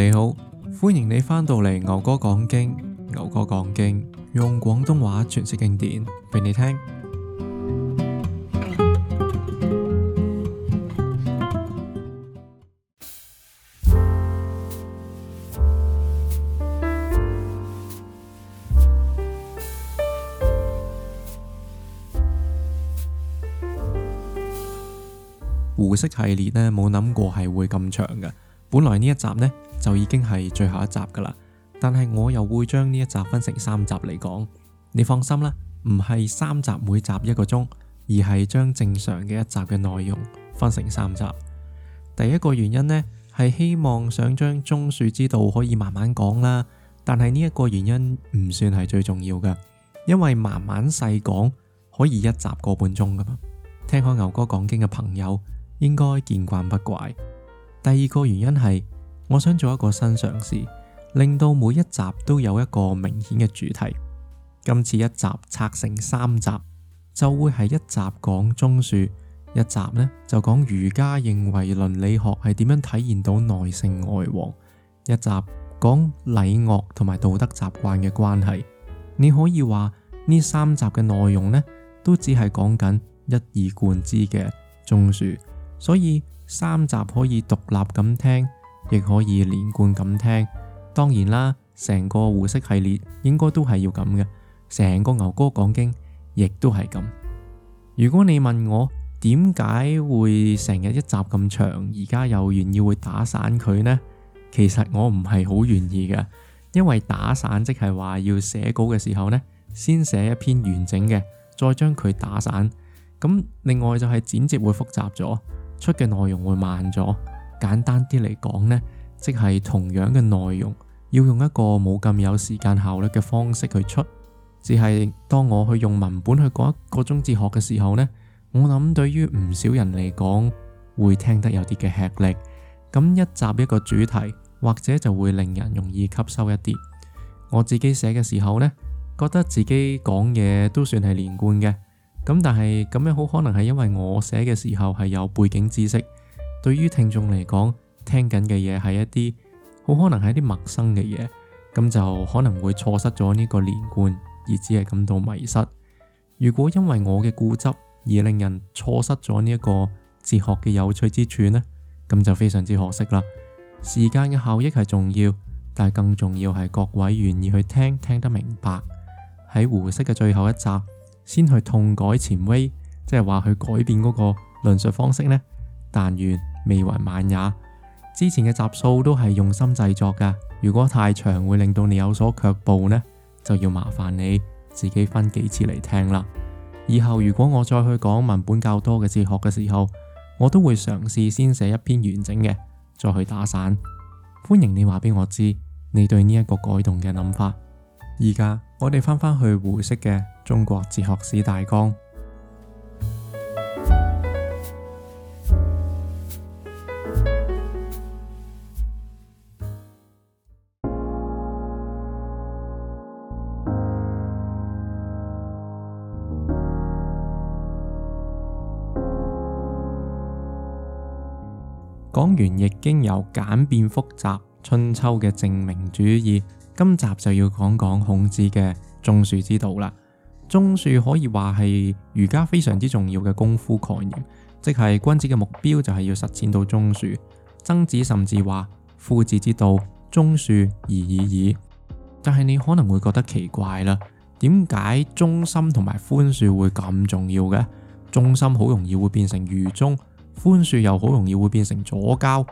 你好，歡迎你翻到嚟牛哥講經，牛哥講經用廣東話詮釋經典畀你聽。胡適系列呢，冇諗過係會咁長嘅。本來呢一集呢就已經係最後一集噶啦，但係我又會將呢一集分成三集嚟講。你放心啦，唔係三集每集一個鐘，而係將正常嘅一集嘅內容分成三集。第一個原因呢係希望想將忠恕之道可以慢慢講啦，但係呢一個原因唔算係最重要噶，因為慢慢細講可以一集個半鐘噶嘛。聽開牛哥講經嘅朋友應該見慣不怪。第二個原因係，我想做一個新嘗試，令到每一集都有一個明顯嘅主題。今次一集拆成三集，就會係一集講忠恕，一集呢就講儒家認為倫理學係點樣體現到內聖外王，一集講禮樂同埋道德習慣嘅關係。你可以話呢三集嘅內容呢都只係講緊一以貫之嘅忠恕，所以。三集可以獨立咁聽，亦可以連貫咁聽。當然啦，成個胡適系列應該都係要咁嘅，成個牛哥講經亦都係咁。如果你問我點解會成日一集咁長，而家又願意會打散佢呢？其實我唔係好願意嘅，因為打散即係話要寫稿嘅時候呢，先寫一篇完整嘅，再將佢打散。咁另外就係剪接會複雜咗。出嘅內容會慢咗，簡單啲嚟講呢，即係同樣嘅內容要用一個冇咁有時間效率嘅方式去出。只係當我去用文本去講一個鐘哲學嘅時候呢，我諗對於唔少人嚟講，會聽得有啲嘅吃力。咁一集一個主題，或者就會令人容易吸收一啲。我自己寫嘅時候呢，覺得自己講嘢都算係連貫嘅。咁但係咁樣好可能係因為我寫嘅時候係有背景知識，對於聽眾嚟講，聽緊嘅嘢係一啲好可能係一啲陌生嘅嘢，咁就可能會錯失咗呢個連貫，而只係感到迷失。如果因為我嘅固執而令人錯失咗呢一個哲學嘅有趣之處呢，咁就非常之可惜啦。時間嘅效益係重要，但係更重要係各位願意去聽，聽得明白。喺胡適嘅最後一集，先去痛改前非，即係話去改變嗰個論述方式呢？但願未為晚也。之前嘅集數都係用心製作噶，如果太長會令到你有所卻步呢，就要麻煩你自己分幾次嚟聽啦。以後如果我再去講文本較多嘅哲學嘅時候，我都會嘗試先寫一篇完整嘅，再去打散。歡迎你話俾我知，你對呢一個改動嘅諗法。而家我哋翻返去胡適嘅《中國哲學史大綱》，講完易經由簡變複雜，春秋嘅正名主義。今集就要講講孔子嘅忠恕之道啦。忠恕可以話係儒家非常之重要嘅功夫概念，即係君子嘅目標就係要實踐到忠恕。曾子甚至話：夫子之道，忠恕而已矣。但係你可能會覺得奇怪啦，點解忠心同埋寬恕會咁重要嘅？忠心好容易會變成愚忠，寬恕又好容易會變成左膠。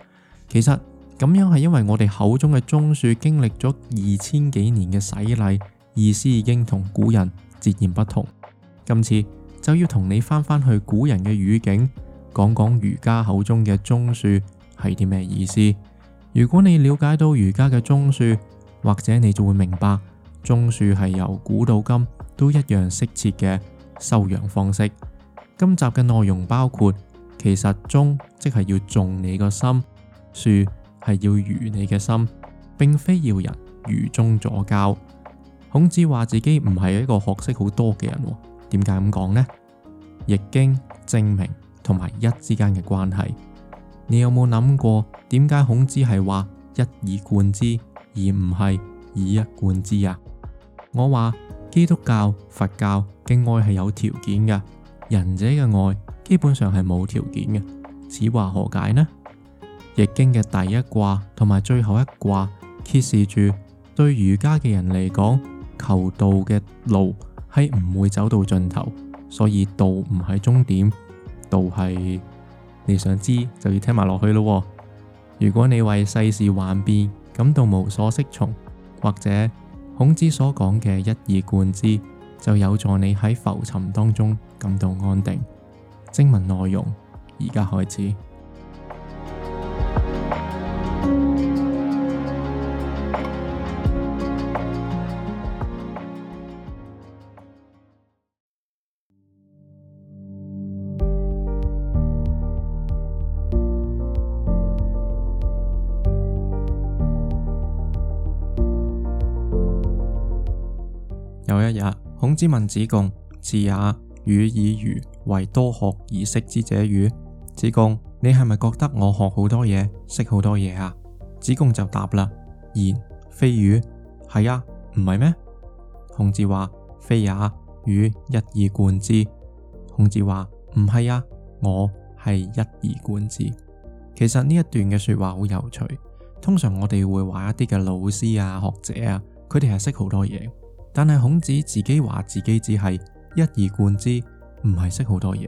其實。咁樣係因為我哋口中嘅忠恕經歷咗二千幾年嘅洗禮，意思已經同古人截然不同。今次就要同你返返去古人嘅語境，講講儒家口中嘅忠恕係啲咩意思。如果你了解到儒家嘅忠恕，或者你就會明白忠恕係由古到今都一樣適切嘅修養方式。今集嘅內容包括，其實忠即係要中你個心，恕。係要如你嘅心，并非要人愚忠左膠。孔子話自己唔係一個學識好多嘅人，點解咁講呢？易經正名同埋一之間嘅關係，你有冇諗過點解孔子係話一以貫之，而唔係以一貫之啊？我話基督教、佛教嘅愛係有條件嘅，仁者嘅愛基本上係冇條件嘅，此話何解呢？易經嘅第一卦同埋最後一卦揭示住對儒家嘅人嚟講，求道嘅路係唔會走到盡頭，所以道唔喺終點，道係你想知就要聽埋落去咯。如果你為世事幻變，感到無所適從，或者孔子所講嘅一以貫之，就有助你喺浮沉當中感到安定。正文內容而家開始。孔子問子貢：賜也，女以予為多學而識之者與？子貢，你係咪覺得我學好多嘢，識好多嘢啊？子貢就答啦：然，非與，係呀、啊，唔係咩？孔子話：非也，予一以貫之。孔子話：唔係呀，我係一以貫之。其實呢一段嘅說話好有趣。通常我哋會話一啲嘅老師啊、學者啊，佢哋係識好多嘢。但係孔子自己話自己只係一以貫之，唔係識好多嘢。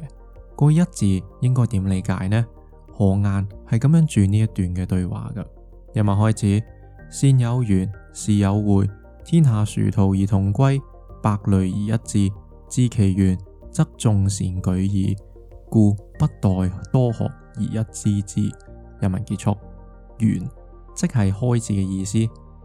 嗰一字應該點理解呢？何晏係咁樣注呢一段嘅對話㗎。一文開始，善有緣，事有會，天下殊途而同歸，百慮而一致。知其緣，則眾善舉矣。故不待多學而一知之。一文結束，緣即係開字嘅意思，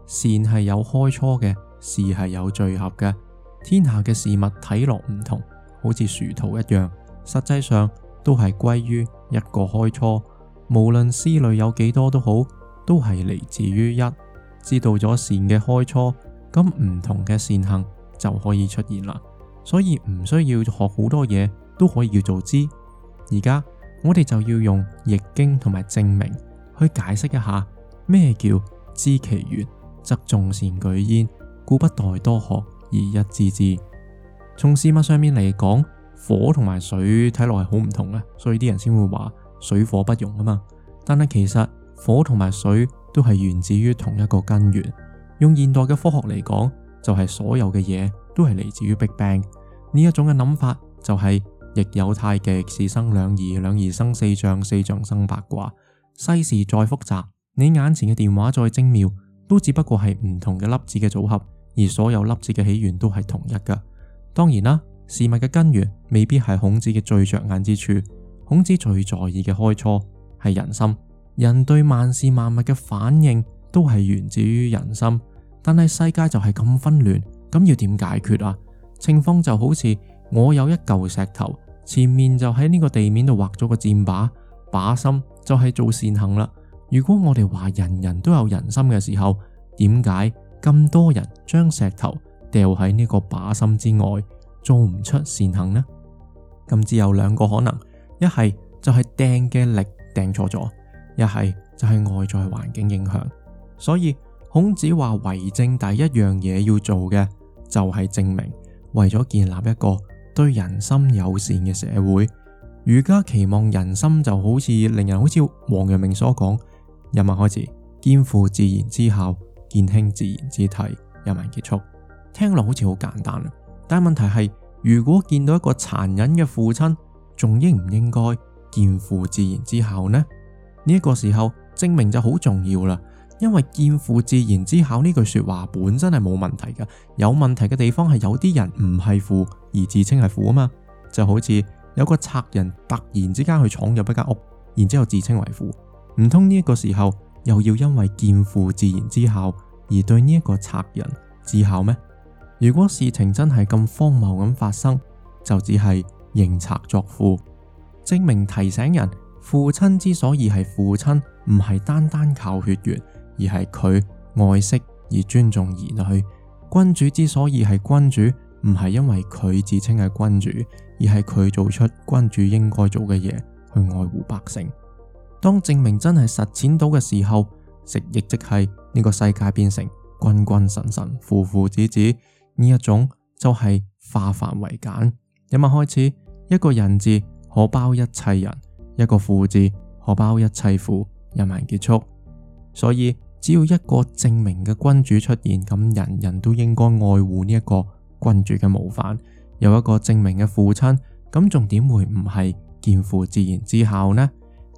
善係有開初嘅。事係有聚合嘅，天下嘅事物睇落唔同，好似殊途一樣，實際上都係歸於一個開初。無論思慮有幾多都好，都係嚟自於一。知道咗善嘅開初，咁唔同嘅善行就可以出現啦。所以唔需要學好多嘢，都可以叫做知。而家我哋就要用易經同埋正名去解釋一下咩叫知其源，則眾善舉焉。故不待多學而一知之。從事物上面嚟講，火同埋水睇落係好唔同嘅，所以啲人先會話水火不容啊嘛。但係其實火同埋水都係源自於同一個根源。用現代嘅科學嚟講，就係、是、所有嘅嘢都係嚟自於 Big Bang。呢一種嘅諗法就係、是、易有太極，是生兩儀，兩儀生四象，四象生八卦。世事再複雜，你眼前嘅電話再精妙。都只不過係唔同嘅粒子嘅組合，而所有粒子嘅起源都係同一噶。當然啦，事物嘅根源未必係孔子嘅最着眼之處。孔子最在意嘅開初係人心，人對萬事萬物嘅反應都係源自於人心。但係世界就係咁紛亂，咁要點解決啊？情況就好似我有一嚿石頭，前面就喺呢個地面度畫咗個箭靶，靶心就係做善行啦。如果我哋話人人都有人心嘅時候，點解咁多人將石頭掉喺呢個靶心之外，做唔出善行呢？咁只有兩個可能，一係就係掟嘅力掟錯咗，一係就係外在環境影響。所以孔子話為政第一樣嘢要做嘅就係、是、正名，為咗建立一個對人心友善嘅社會。儒家期望人心就好似令人好似王陽明所講。日文開始，見父自然之孝，見兄自然之悌。日文結束，聽落好似好簡單，但係問題係，如果見到一個殘忍嘅父親，仲應唔應該見父自然之孝呢？呢、這、一個時候，正名就好重要啦，因為見父自然之孝呢句說話本身係冇問題嘅，有問題嘅地方係有啲人唔係父而自稱係父啊嘛，就好似有個賊人突然之間去闖入一間屋，然之後自稱為父。唔通呢一個時候又要因為見父自然之孝而對呢一個賊人之孝咩？如果事情真係咁荒謬咁發生，就只係認賊作父，證明提醒人，父親之所以係父親，唔係單單靠血緣，而係佢愛惜而尊重兒女；君主之所以係君主，唔係因為佢自稱係君主，而係佢做出君主應該做嘅嘢，去愛護百姓。當正名真係實踐到嘅時候，食亦即係呢個世界變成君君臣臣父父子子呢一種，就係化繁為簡。一晚開始，一個人字可包一切人，一個父字可包一切父。一晚結束，所以只要一個正名嘅君主出現，咁人人都應該愛護呢一個君主嘅模範；有一個正名嘅父親，咁仲點會唔係見乎自然之孝呢？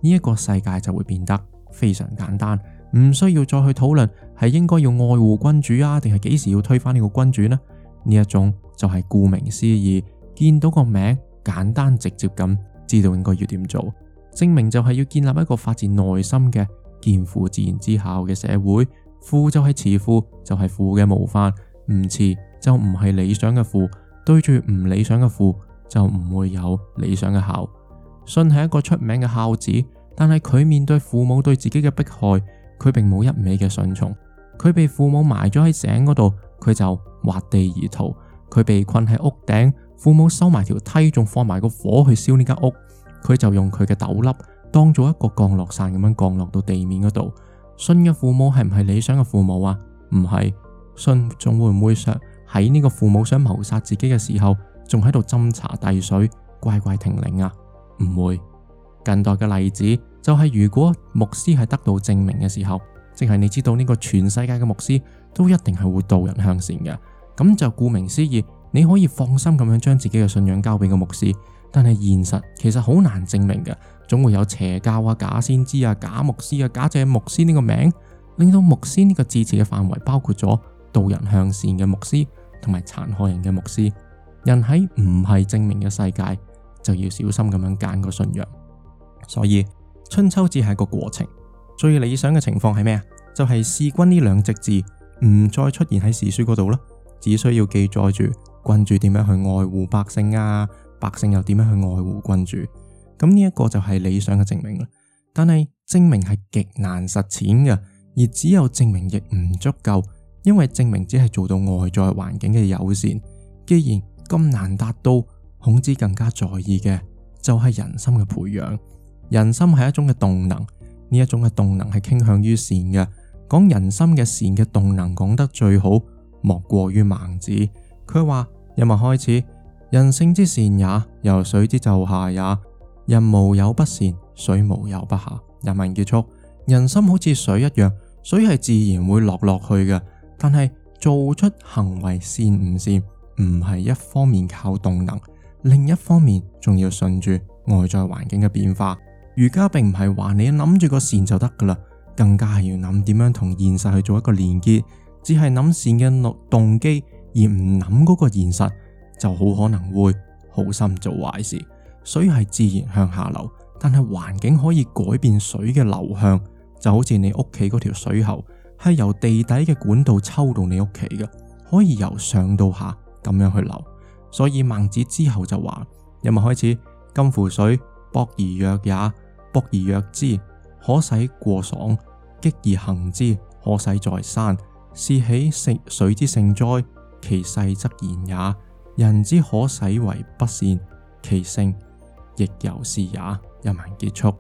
呢一個世界就會變得非常簡單，唔需要再去討論係應該要愛護君主啊，定係幾時要推翻呢個君主呢？呢一種就係顧名思義，見到個名，簡單直接咁知道應該要點做，正名就係要建立一個發自內心嘅見父自然之孝嘅社會。父就係慈父，就係父嘅模範；唔慈就唔係理想嘅父，對住唔理想嘅父就唔會有理想嘅孝。信係一個出名嘅孝子。但係佢面對父母對自己嘅迫害，佢並冇一味嘅順從。佢被父母埋咗喺井嗰度，佢就挖地而逃；佢被困喺屋頂，父母收埋條梯仲放埋個火去燒呢間屋，佢就用佢嘅斗笠當做一個降落傘咁樣降落到地面嗰度。舜嘅父母係唔係理想嘅父母啊？唔係，舜仲會唔會想喺呢個父母想謀殺自己嘅時候，仲喺度斟茶遞水，乖乖聽令啊？唔會。近代嘅例子就係、是、如果牧師係得到證明嘅時候，即係你知道呢個全世界嘅牧師都一定係會導人向善嘅，咁就顧名思義，你可以放心咁樣將自己嘅信仰交俾個牧師。但係現實其實好難證明嘅，總會有邪教啊、假先知啊、假牧師啊、假借牧師呢個名，令到牧師呢個字詞嘅範圍包括咗導人向善嘅牧師同埋殘害人嘅牧師。人喺唔係證明嘅世界，就要小心咁樣揀個信仰。所以春秋只係個過程，最理想嘅情況係咩啊？就係、是、弒君呢兩隻字唔再出現喺史書嗰度啦。只需要記載住君主點樣去愛護百姓啊，百姓又點樣去愛護君主。咁呢一個就係理想嘅正名啦。但係正名係極難實踐嘅，而只有正名亦唔足夠，因為正名只係做到外在環境嘅友善。既然咁難達到，孔子更加在意嘅就係、是、人心嘅培養。人心係一種嘅動能，呢一種嘅動能係傾向於善嘅。講人心嘅善嘅動能講得最好，莫過於孟子。佢話：引文開始，人性之善也，猶水之就下也。人無有不善，水無有不下。引文結束，人心好似水一樣，水係自然會落落去嘅。但係做出行為善唔善，唔係一方面靠動能，另一方面仲要順住外在環境嘅變化。儒家並唔係話你諗住個善就得噶啦，更加係要諗點樣同現實去做一個連結。只係諗善嘅動動機，而唔諗嗰個現實，就好可能會好心做壞事，水係自然向下流，但係環境可以改變水嘅流向，就好似你屋企嗰條水喉係由地底嘅管道抽到你屋企嘅，可以由上到下咁樣去流。所以孟子之後就話：，有冇開始？今夫水薄而弱也。薄而躍之，可使過顙；激而行之，可使在山。是豈水之性哉？其勢則然也。人之可使為不善，其性亦猶是也。一文結束，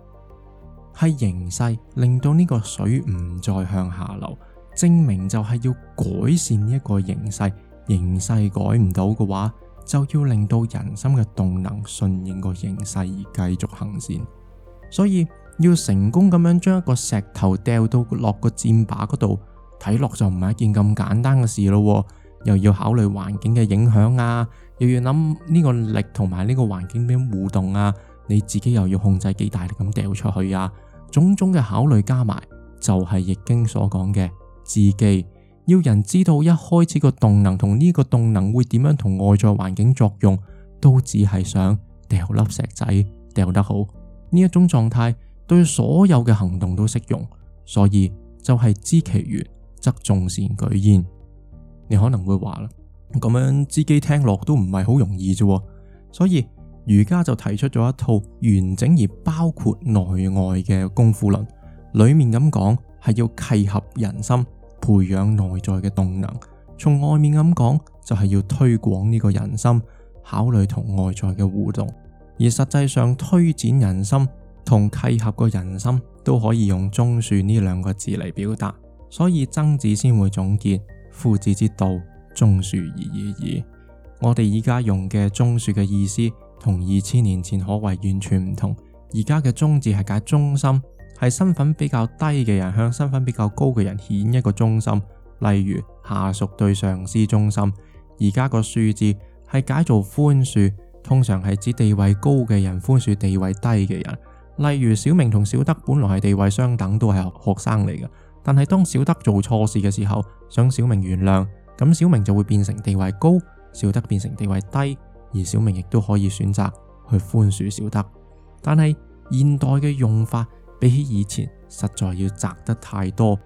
係形勢令到呢個水唔再向下流，證明就係要改善一個形勢。形勢改唔到嘅話，就要令到人心嘅動能順應個形勢而繼續行善。所以要成功咁樣將一個石頭掉到落個箭靶嗰度，睇落就唔係一件咁簡單嘅事咯。又要考慮環境嘅影響啊，又要諗呢個力同埋呢個環境點互動啊，你自己又要控制幾大力咁掉出去啊，種種嘅考慮加埋就係易經所講嘅自己要人知道一開始個動能同呢個動能會點樣同外在環境作用，都只係想掉粒石仔掉得好。呢一種狀態對所有嘅行動都適用，所以就係知其源則眾善舉焉。你可能會話啦，咁樣知己聽落都唔係好容易啫，所以儒家就提出咗一套完整而包括內外嘅功夫論。裏面咁講係要契合人心，培養內在嘅動能；從外面咁講就係、是、要推廣呢個人心，考慮同外在嘅互動。而實際上推展人心同契合個人心都可以用忠恕呢兩個字嚟表達，所以曾子先會總結：夫子之道，忠恕而已矣。我哋依家用嘅忠恕嘅意思，同二千年前可謂完全唔同。而家嘅忠字係解忠心，係身份比較低嘅人向身份比較高嘅人顯一個忠心，例如下屬對上司忠心。而家個恕字係解做寬恕。通常係指地位高嘅人寬恕地位低嘅人，例如小明同小德本來係地位相等，都係學生嚟嘅。但係當小德做錯事嘅時候，想小明原諒，咁小明就會變成地位高，小德變成地位低，而小明亦都可以選擇去寬恕小德。但係現代嘅用法比起以前，實在要窄得太多。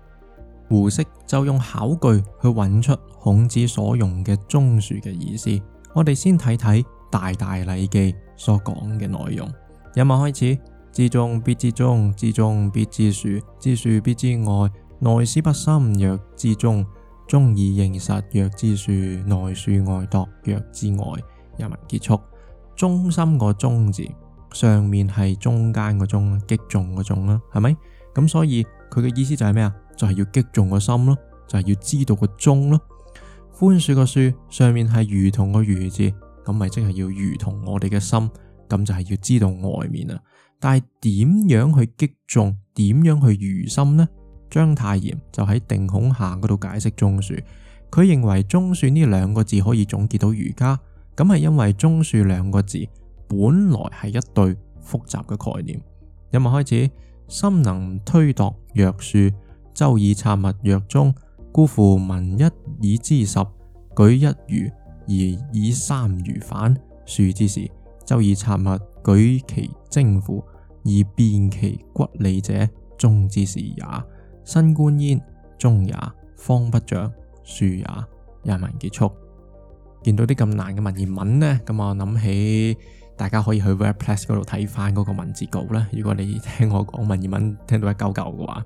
胡適就用考據去揾出孔子所用嘅「忠恕」嘅意思，我哋先睇睇。大大禮記所講嘅內容，引文開始，知忠必知中，知中必知恕，知恕必知外，內思不心。若之中，中以認實，若之恕，內恕外度。若之外。引文結束，忠心個忠字上面係中間個中，擊中個中啦，係咪？咁所以佢嘅意思就係咩啊？就係、是、要擊中個心咯，就係、是、要知道個中咯。寬恕個恕上面係如同個如字。咁咪即係要如同我哋嘅心，咁就係要知道外面啊。但係點樣去擊中？點樣去如心呢？章太炎就喺定孔下嗰度解釋忠恕，佢認為忠恕呢兩個字可以總結到儒家。咁係因為忠恕兩個字本來係一對複雜嘅概念。今日開始，心能推度若恕，周以察物若忠，故夫聞一以知十，舉一如。而以三隅反恕之事也，周以察物，舉其徵符，而辨其骨理者，忠之事也。身觀焉，忠也；方不長，恕也。人唔結束。見到啲咁難嘅文言文呢，咁我諗起大家可以去 WordPress 嗰度睇翻嗰個文字稿啦。如果你聽我講文言文聽到一嚿嚿嘅話，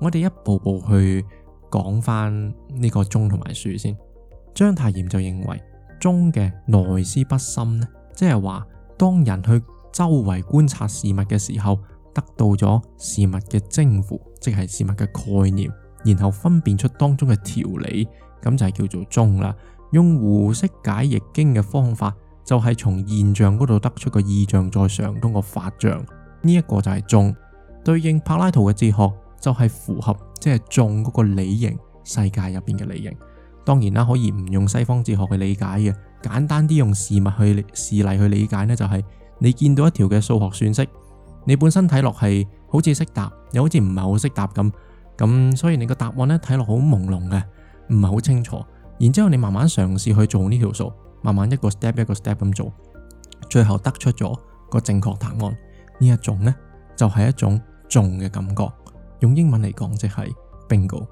我哋一步步去講翻呢個忠同埋恕先。章太炎就認為。中嘅內思不深呢，即係話當人去周圍觀察事物嘅時候，得到咗事物嘅徵服，即係事物嘅概念，然後分辨出當中嘅條理，咁就係叫做中啦。用胡適解易經嘅方法，就係、是、從現象嗰度得出個意象再上象，通個法象。呢一個就係中，對應柏拉圖嘅哲學就係、是、符合，即係中嗰個理型世界入邊嘅理型。當然啦，可以唔用西方哲學去理解嘅，簡單啲用事物去事例去理解呢，就係你見到一條嘅數學算式，你本身睇落係好似識答，又好似唔係好識答咁，咁所以你個答案呢，睇落好朦朧嘅，唔係好清楚。然之後你慢慢嘗試去做呢條數，慢慢一個 step 一個 step 咁做，最後得出咗個正確答案。呢一種呢，就係一種中嘅感覺，用英文嚟講即係 bingo。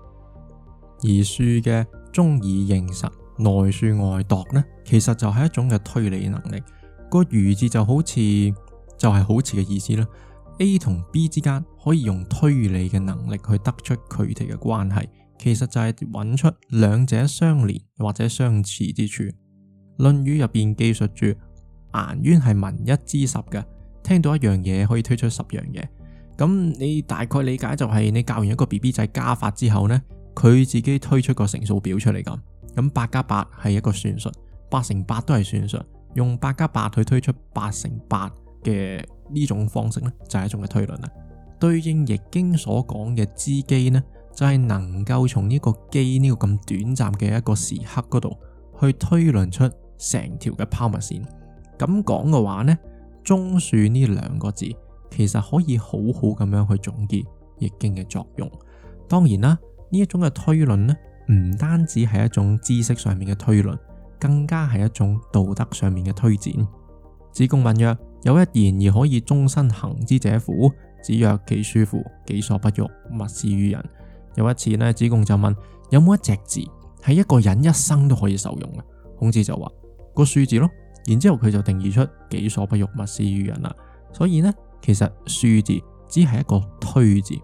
而書嘅。中以應實，內恕外度呢，其實就係一種嘅推理能力。個如字就好似就係好似嘅意思啦。A 同 B 之間可以用推理嘅能力去得出佢哋嘅關係，其實就係揾出兩者相連或者相似之處。《論語》入邊記述住顏淵係聞一知十嘅，聽到一樣嘢可以推出十樣嘢。咁你大概理解就係你教完一個 B B 仔加法之後呢，佢自己推出個乘數表出嚟咁，咁八加八係一個算術，八乘八都係算術，用八加八去推出八乘八嘅呢種方式呢就係、是、一種嘅推論啦。對應易經所講嘅知機呢，就係、是、能夠從呢個機呢個咁短暫嘅一個時刻嗰度去推論出成條嘅拋物線。咁講嘅話呢，「忠恕呢兩個字其實可以好好咁樣去總結易經嘅作用。當然啦。呢一種嘅推論呢，唔單止係一種知識上面嘅推論，更加係一種道德上面嘅推展。子貢問曰：有一言而可以終身行之者乎？子曰：其恕乎？己所不欲，勿施於人。有一次呢，子貢就問有冇一隻字係一個人一生都可以受用嘅。孔子就話個恕字咯。然之後佢就定義出己所不欲，勿施於人啦。所以呢，其實恕字只係一個推字，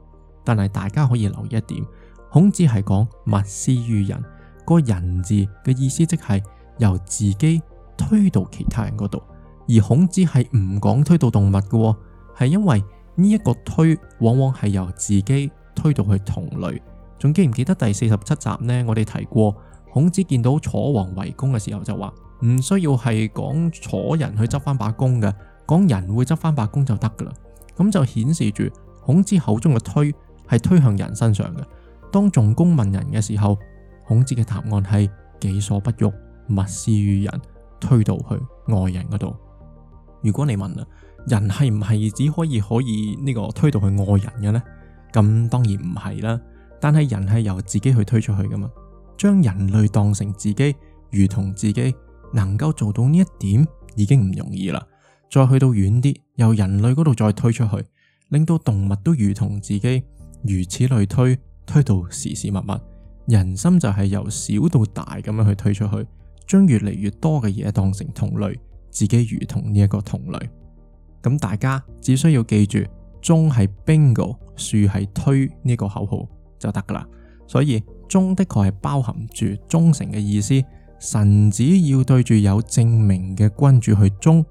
但係大家可以留意一點。孔子係講勿施於人，這個人字嘅意思即係由自己推到其他人嗰度。而孔子係唔講推到動物嘅、哦，係因為呢一個推往往係由自己推到去同類。仲記唔記得第四十七集呢？我哋提過孔子見到楚王遺弓嘅時候就話唔需要係講楚人去執翻把弓嘅，講人會執翻把弓就得噶啦。咁就顯示住孔子口中嘅推係推向人身上嘅。當仲弓問仁嘅時候，孔子嘅答案係：己所不欲，勿施於人，推到去外人嗰度。如果你問啊，人係唔係只可以可以呢個推到去外人嘅呢？咁當然唔係啦。但係人係由自己去推出去噶嘛。將人類當成自己，如同自己能夠做到呢一點已經唔容易啦。再去到遠啲，由人類嗰度再推出去，令到動物都如同自己，如此類推。推到事事物物，人心就係由小到大咁樣去推出去，將越嚟越多嘅嘢當成同類，自己如同呢一個同類。咁大家只需要記住忠係 Bingo，恕係推呢個口號就得噶啦。所以忠的確係包含住忠誠嘅意思。臣子要對住有正名嘅君主去忠，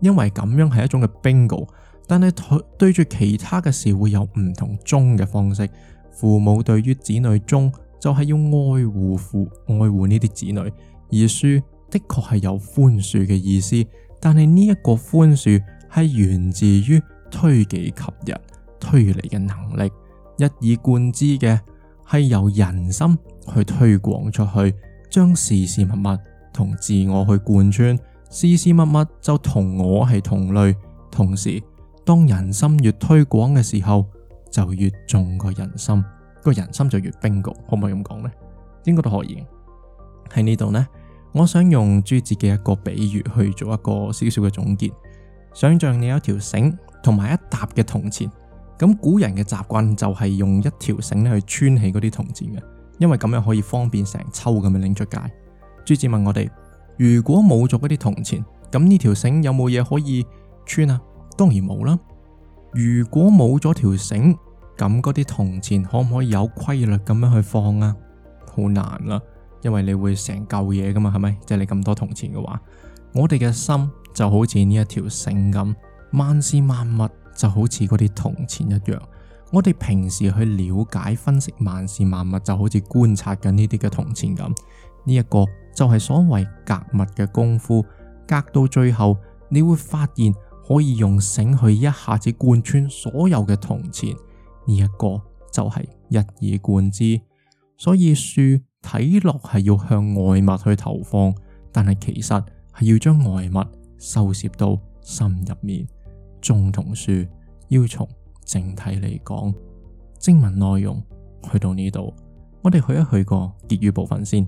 因為咁樣係一種嘅 Bingo。但係對對住其他嘅事會有唔同忠嘅方式。父母對於子女，中就係要愛護父愛護呢啲子女。而恕的確係有寬恕嘅意思，但係呢一個寬恕係源自於推己及人、推理嘅能力，一以貫之嘅係由人心去推廣出去，將事事物物同自我去貫穿，事事物物就同我係同類。同時，當人心越推廣嘅時候，就越重個人心，個人心就越冰局，可唔可以咁講呢？應該都可以。喺呢度呢，我想用朱子嘅一個比喻去做一個少少嘅總結。想象你有一條繩同埋一沓嘅銅錢，咁古人嘅習慣就係用一條繩咧去穿起嗰啲銅錢嘅，因為咁樣可以方便成抽咁樣拎出街。朱子問我哋：如果冇咗嗰啲銅錢，咁呢條繩有冇嘢可以穿啊？當然冇啦。如果冇咗條繩，咁嗰啲銅錢可唔可以有規律咁樣去放啊？好難啦，因為你會成舊嘢噶嘛，係咪？即係你咁多銅錢嘅話，我哋嘅心就好似呢一條繩咁，萬事萬物就好似嗰啲銅錢一樣。我哋平時去了解、分析萬事萬物，就好似觀察緊呢啲嘅銅錢咁。呢一個就係所謂格物嘅功夫，格到最後你會發現。可以用繩去一下子貫穿所有嘅銅錢，呢一個就係一以貫之。所以恕睇落係要向外物去投放，但係其實係要將外物收攝到心入面。忠同恕要從整體嚟講，經文內容去到呢度，我哋去一去個結語部分先。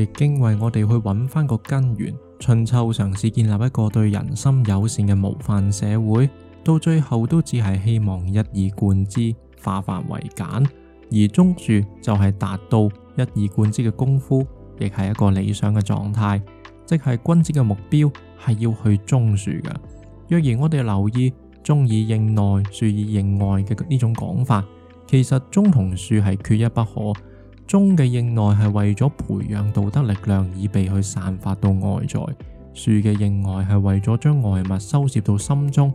易經為我哋去揾翻個根源，春秋嘗試建立一個對人心友善嘅模範社會，到最後都只係希望一以貫之，化繁為簡。而忠恕就係達到一以貫之嘅功夫，亦係一個理想嘅狀態，即係君子嘅目標係要去忠恕嘅。若然我哋留意忠以應內，恕以應外嘅呢種講法，其實忠同恕係缺一不可。忠嘅應內係為咗培養道德力量，以備去散發到外在；恕嘅應外係為咗將外物收攝到心中。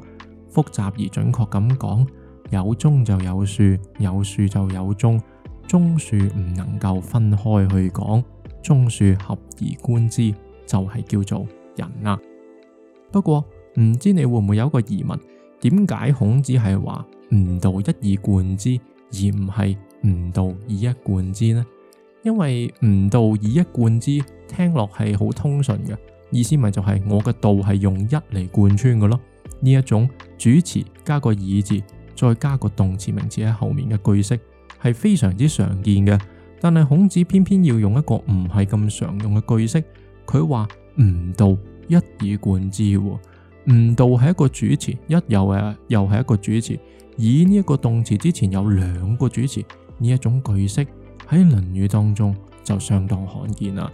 複雜而準確咁講，有忠就有恕，有恕就有忠，忠恕唔能夠分開去講，忠恕合而觀之，就係、是、叫做仁啦、啊。不過唔知你會唔會有個疑問？點解孔子係話吾道一以貫之，而唔係？吾道以一貫之呢，因為吾道以一貫之聽落係好通順嘅，意思咪就係我嘅道係用一嚟貫穿嘅咯。呢一種主詞加個以字，再加個動詞名詞喺後面嘅句式，係非常之常見嘅。但係孔子偏偏要用一個唔係咁常用嘅句式，佢話吾道一以貫之哦。吾道係一個主詞，一又係又係一個主詞，以呢一個動詞之前有兩個主詞。呢一種句式喺《論語》當中就相當罕見啦。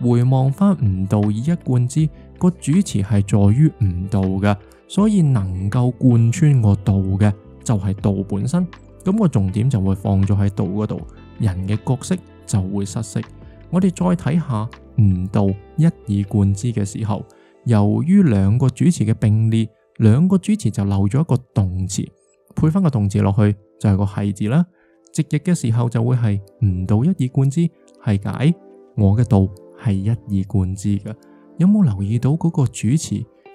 回望翻，吾道以一貫之，個主詞係在於吾道嘅，所以能夠貫穿個道嘅就係道本身。咁個重點就會放咗喺道嗰度，人嘅角色就會失色。我哋再睇下吾道一以貫之嘅時候，由於兩個主詞嘅並列，兩個主詞就漏咗一個動詞，配翻個動詞落去就係個係字啦。直譯嘅時候就會係吾道一以貫之，係解我嘅道係一以貫之嘅。有冇留意到嗰個主詞，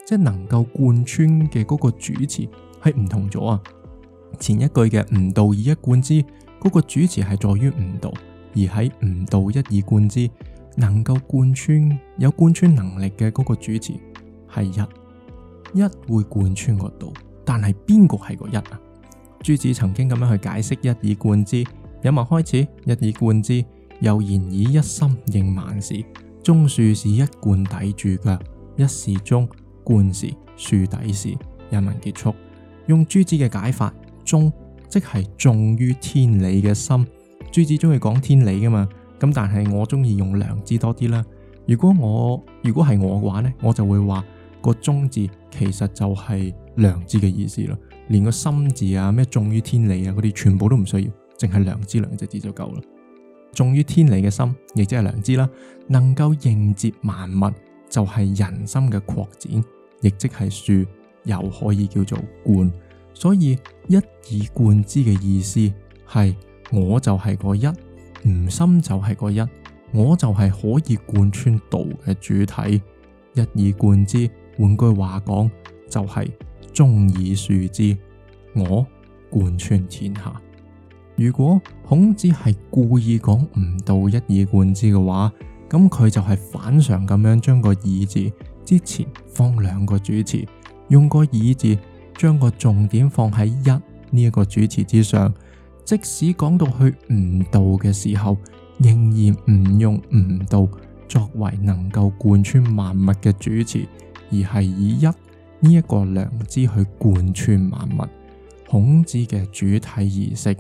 即係能夠貫穿嘅嗰個主詞係唔同咗啊？前一句嘅吾道以一貫之，嗰個主詞係在於吾道，而喺吾道一以貫之，能夠貫穿有貫穿能力嘅嗰個主詞係一，一會貫穿個道，但係邊個係個一啊？朱子曾經咁樣去解釋一以貫之，引文開始一以貫之，又言以一心應萬事。忠恕是一貫底註腳，一是忠、貫是恕底事。引文結束，用朱子嘅解法，忠，即係忠於天理嘅心。朱子鍾意講天理㗎嘛。咁但係我鍾意用良知多啲啦。如果我如果係我嘅話呢，我就會話個忠字其實就係良知嘅意思咯。連個心字啊，咩忠於天理啊，嗰啲全部都唔需要，淨係良知兩隻字就夠啦。忠於天理嘅心，亦即係良知啦，能夠應接萬物，就係、是、人心嘅擴展，亦即係恕，又可以叫做貫。所以一以貫之嘅意思係，我就係個一，吾心就係個一，我就係可以貫穿道嘅主體。一以貫之，換句話講，就係、是。中以恕之，我貫穿天下。如果孔子係故意講吾道一以貫之嘅話，咁佢就係反常咁樣將個以字之前放兩個主詞，用個以字將個重點放喺一呢一個主詞之上。即使講到去吾道嘅時候，仍然唔用吾道作為能夠貫穿萬物嘅主詞，而係以一。呢一個良知去貫穿萬物，孔子嘅主體意識，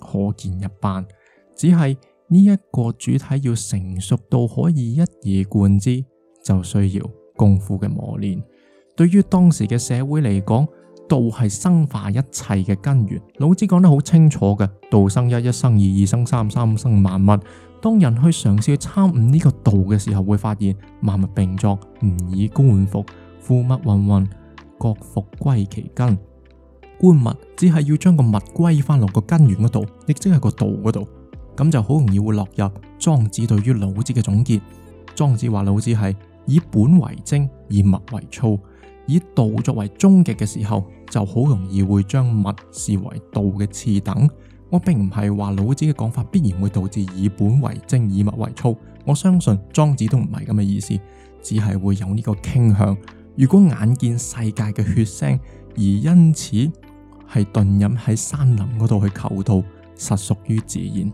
可見一斑。只係呢一個主體要成熟到可以一以貫之，就需要功夫嘅磨練。對於當時嘅社會嚟講，道係生化一切嘅根源。老子講得好清楚嘅，道生一，一生二，二生三，三生，三生萬物。當人去嘗試去參悟呢個道嘅時候，會發現萬物並作，吾以觀復，夫物芸芸。各復歸其根。觀物只係要將個物歸翻落個根源嗰度，亦即係個道嗰度，咁就好容易會落入莊子對於老子嘅總結。莊子話老子係以本為精，以物為粗，以道作為終極嘅時候，就好容易會將物視為道嘅次等。我並唔係話老子嘅講法必然會導致以本為精，以物為粗。我相信莊子都唔係咁嘅意思，只係會有呢個傾向。如果眼見世界嘅血腥，而因此係頓飲喺山林嗰度去求道，實屬於自然。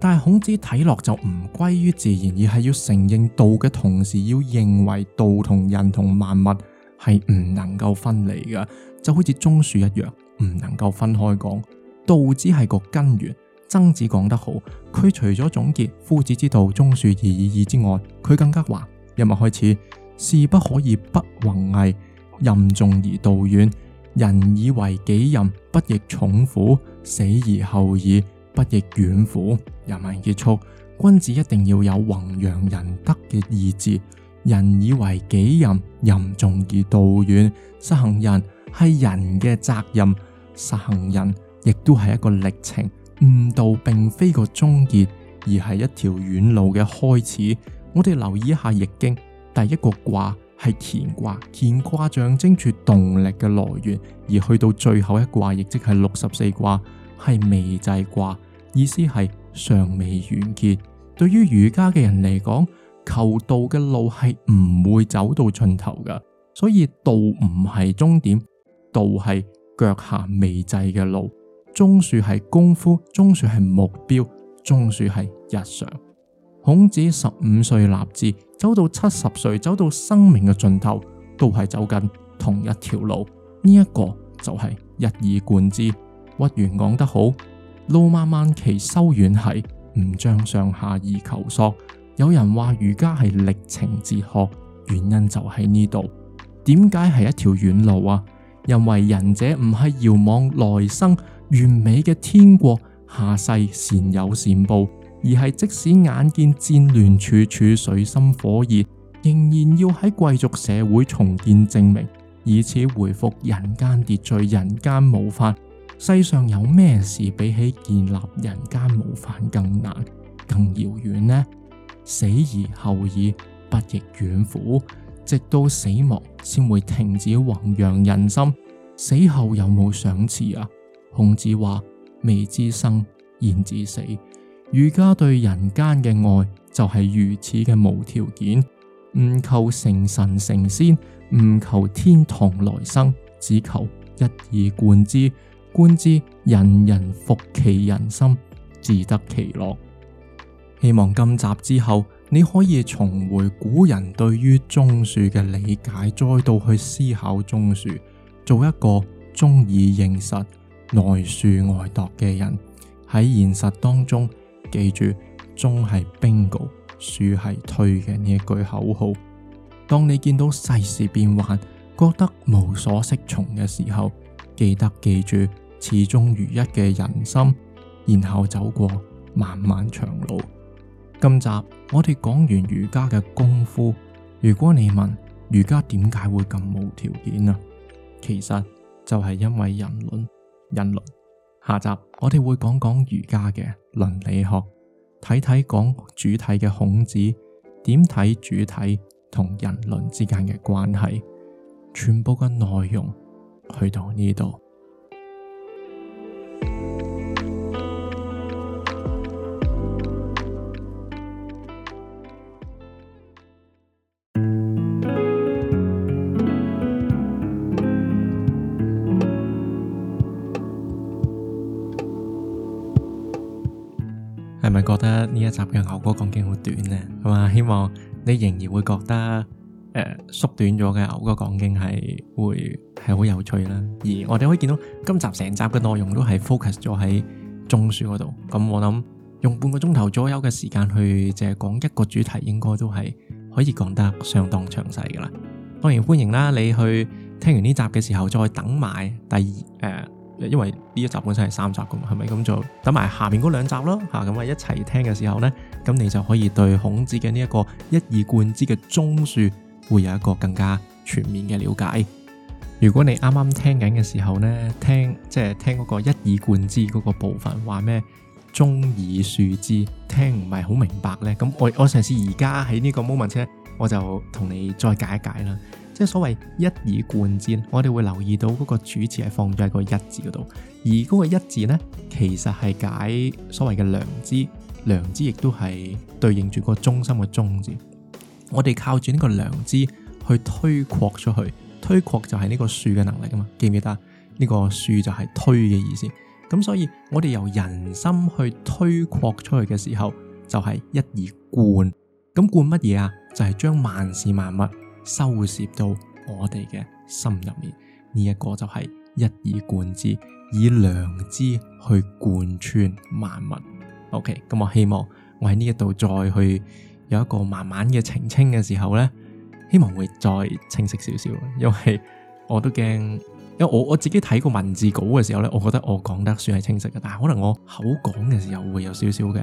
但係孔子睇落就唔歸於自然，而係要承認道嘅同時，要認為道同人同萬物係唔能夠分離嘅，就好似忠恕一樣，唔能夠分開講。道只係個根源。曾子講得好，佢除咗總結夫子之道，忠恕而已矣之外，佢更加話：今日開始。事不可以不弘毅，任重而道遠。仁以為己任，不亦重乎？死而後已，不亦遠乎？人民結束？君子一定要有弘揚仁德嘅意志。仁以為己任，任重而道遠。實行仁係人嘅責任，實行仁亦都係一個歷程。悟道並非個終結，而係一條遠路嘅開始。我哋留意一下易經。第一個卦係乾卦，乾卦象徵住動力嘅來源，而去到最後一卦，亦即係六十四卦，係未濟卦，意思係尚未完結。對於儒家嘅人嚟講，求道嘅路係唔會走到盡頭噶，所以道唔係終點，道係腳下未濟嘅路。忠恕係功夫，忠恕係目標，忠恕係日常。孔子十五歲立志，走到七十歲，走到生命嘅盡頭，都係走緊同一條路。呢、這、一個就係一以貫之。屈原講得好：路漫漫其修遠兮，吾將上下而求索。有人話儒家係歷程哲學，原因就喺呢度。點解係一條遠路啊？因為仁者唔係遙望來生完美嘅天國，下世善有善報。而係，即使眼見戰亂處處水深火熱，仍然要喺貴族社會重建正名，以此回復人間秩序、人間模範。世上有咩事比起建立人間模範更難、更遙遠呢？死而後已，不亦遠乎？直到死亡先會停止弘揚人心。死後有冇賞賜啊？孔子話：未知生，焉知死？儒家對人間嘅愛就係如此嘅無條件，唔求成神成仙，唔求天堂來生，只求一以貫之，觀之人人復其人心，自得其樂。希望今集之後，你可以重回古人對於忠恕嘅理解，再度去思考忠恕，做一個忠以認實、內恕外度嘅人喺現實當中。記住，忠係冰，恕係退嘅呢一句口號。當你見到世事變幻，覺得無所適從嘅時候，記得記住始終如一嘅人心，然後走過漫漫長路。今集我哋講完儒家嘅功夫，如果你問儒家點解會咁無條件啊，其實就係因為人倫人倫。下集我哋會講講儒家嘅倫理學，睇睇講主體嘅孔子點睇主體同人倫之間嘅關係，全部嘅內容去到呢度。集嘅牛哥講經好短咧，係嘛？希望你仍然會覺得誒，縮短咗嘅牛哥講經係會係好有趣啦。而我哋可以見到今集成集嘅內容都係 focus 咗喺忠恕嗰度，咁我諗用半個鐘頭左右嘅時間去淨係講一個主題，應該都係可以講得相當詳細噶啦。當然歡迎啦，你去聽完呢集嘅時候再等埋第二誒。因為呢一集本身係三集噶嘛，係咪？咁就等埋下面嗰兩集咯，吓，咁啊一齊聽嘅時候呢，咁你就可以對孔子嘅呢一個一以貫之嘅忠恕會有一個更加全面嘅了解。如果你啱啱聽緊嘅時候呢，聽，即係、就是、聽嗰個一以貫之嗰個部分，話咩忠以恕之，聽唔係好明白呢。咁我我嘗試而家喺呢個 moment 我就同你再解一解啦。即係所謂一以貫之，我哋會留意到嗰個主詞係放咗喺個一字嗰度，而嗰個一字呢，其實係解所謂嘅良知，良知亦都係對應住個中心嘅中字。我哋靠住呢個良知去推擴出去，推擴就係呢個恕嘅能力啊嘛，記唔記得啊？呢個恕就係推嘅意思。咁所以我哋由人心去推擴出去嘅時候，就係一以貫。咁貫乜嘢啊？就係將萬事萬物，收攝到我哋嘅心入面，呢、這、一個就係一以貫之，以良知去貫穿萬物。OK，咁、嗯、我希望我喺呢一度再去有一個慢慢嘅澄清嘅時候咧，希望會再清晰少少。因為我都驚，因為我我自己睇個文字稿嘅時候咧，我覺得我講得算係清晰嘅，但係可能我口講嘅時候會有少少嘅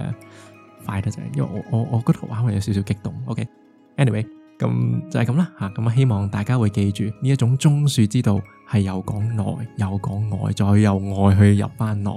快得滯，因為我我我覺得哇，我有少少激動。OK，anyway、okay。咁、嗯、就係咁啦吓，咁、嗯、啊希望大家會記住呢一種忠恕之道係又講內又講外，再由外去入翻內，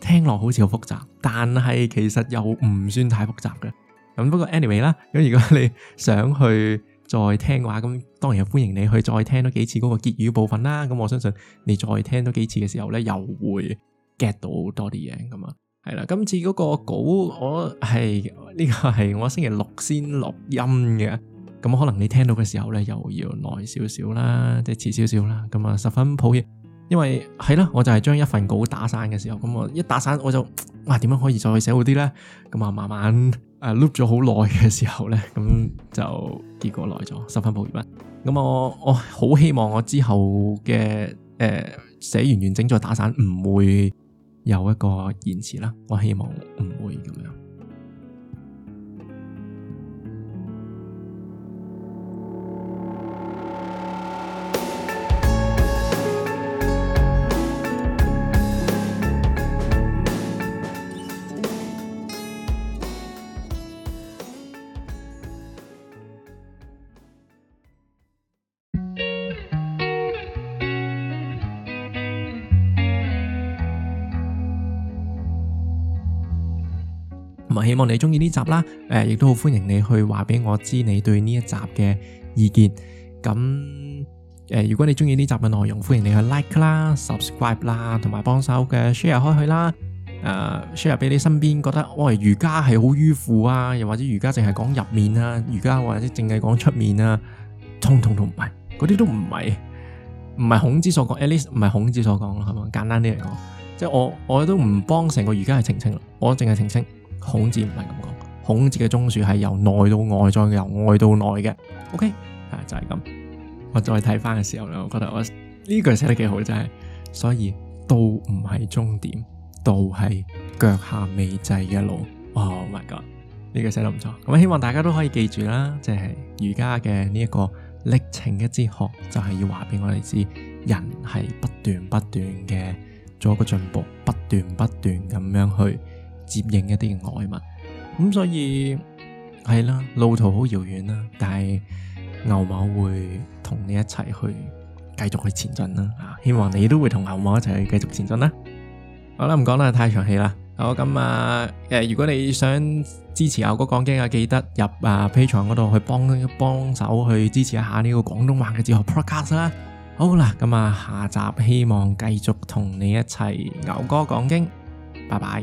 聽落好似好複雜，但係其實又唔算太複雜嘅。咁、嗯、不過 anyway 啦，咁如果你想去再聽嘅話，咁當然係歡迎你去再聽多幾次嗰個結語部分啦。咁我相信你再聽多幾次嘅時候咧，又會 get 到多啲嘢噶啊，係啦，今次嗰個稿我係呢、哎這個係我星期六先錄音嘅。咁可能你聽到嘅時候咧，又要耐少少啦，即係遲少少啦。咁啊，十分抱歉，因為係啦，我就係將一份稿打散嘅時候，咁我一打散我就哇點樣可以再寫好啲呢？咁啊，慢慢誒、呃、loop 咗好耐嘅時候咧，咁就結果耐咗，十分抱歉。咁我我好希望我之後嘅誒、呃、寫完完整再打散，唔會有一個延遲啦。我希望唔會咁樣。你中意呢集啦，誒、呃，亦都好歡迎你去話俾我知你對呢一集嘅意見。咁誒、呃，如果你中意呢集嘅內容，歡迎你去 like 啦、subscribe 啦，同埋幫手嘅 share 開去啦，誒，share 俾你身邊覺得，喂、哎，儒家係好迂腐啊，又或者儒家淨係講入面啊，儒家或者淨係講出面啊，通通都唔係，嗰啲都唔係，唔係孔子所講，at least 唔係孔子所講咯，係嘛？簡單啲嚟講，即係我我都唔幫成個儒家係澄清，我淨係澄清。孔子唔係咁講，孔子嘅忠恕係由內到外，再由外到內嘅。OK，係就係咁。我再睇翻嘅時候咧，我覺得我呢句寫得幾好真係。所以道唔係終點，道係腳下未濟嘅路。Oh my god，呢句寫得唔錯。咁希望大家都可以記住啦，即係儒家嘅呢一個歷程嘅哲學，就係要話俾我哋知，人係不斷不斷嘅做一個進步，不斷不斷咁樣去接應一啲外物，咁所以係啦，路途好遙遠啦，但係牛某會同你一齊去繼續去前進啦，啊，希望你都會同牛某一齊去繼續前進啦。好啦，唔講啦，太長氣啦。好咁啊，誒、呃，如果你想支持牛哥講經啊，記得入啊 Patreon 嗰度去幫幫，幫手去支持一下呢個廣東話嘅哲學 Podcast 啦。好啦，咁啊，下集希望繼續同你一齊牛哥講經，拜拜。